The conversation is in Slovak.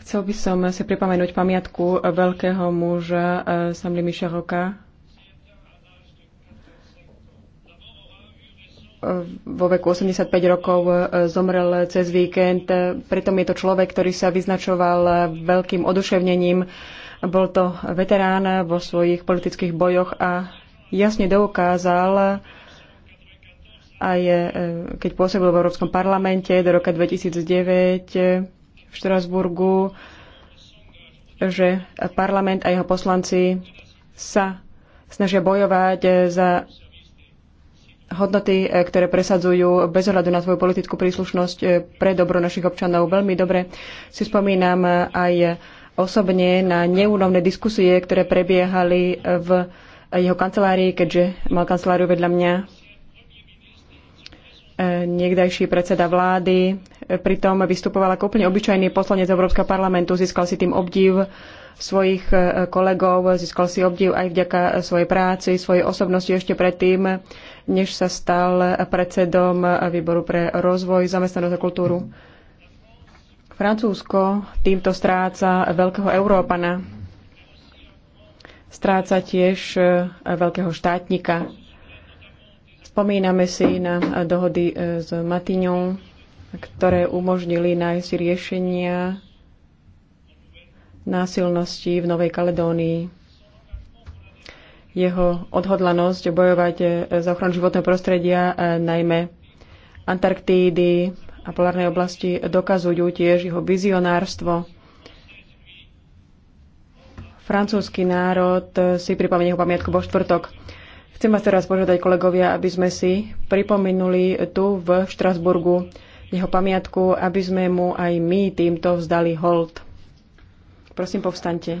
Chcel by som si pripomenúť pamiatku veľkého muža eh, Samli Mišaroka eh, vo veku 85 rokov eh, zomrel cez víkend. Pritom je to človek, ktorý sa vyznačoval veľkým oduševnením. Bol to veterán vo svojich politických bojoch a jasne doukázal, aj e, keď pôsobil v Európskom parlamente do roka 2009 e, v Štrasburgu, že parlament a jeho poslanci sa snažia bojovať e, za hodnoty, ktoré presadzujú bez ohľadu na svoju politickú príslušnosť pre dobro našich občanov. Veľmi dobre si spomínam aj osobne na neúnovné diskusie, ktoré prebiehali v jeho kancelárii, keďže mal kanceláriu vedľa mňa niekdajší predseda vlády, e, pritom vystupoval ako úplne obyčajný poslanec Európskeho parlamentu, získal si tým obdiv svojich e, kolegov, získal si obdiv aj vďaka svojej práci, svojej osobnosti ešte predtým, než sa stal predsedom Výboru pre rozvoj, zamestnanosť a kultúru. Francúzsko týmto stráca veľkého Európana. Stráca tiež e, veľkého štátnika Spomíname si na dohody e, s Matiňou, ktoré umožnili nájsť riešenia násilnosti v Novej Kaledónii. Jeho odhodlanosť bojovať e, za ochranu životného prostredia, e, najmä Antarktídy a polárnej oblasti, dokazujú tiež jeho vizionárstvo. Francúzsky národ si pripomenie jeho pamiatku vo štvrtok. Chcem vás teraz požiadať kolegovia, aby sme si pripomenuli tu v Štrasburgu jeho pamiatku, aby sme mu aj my týmto vzdali hold. Prosím, povstaňte.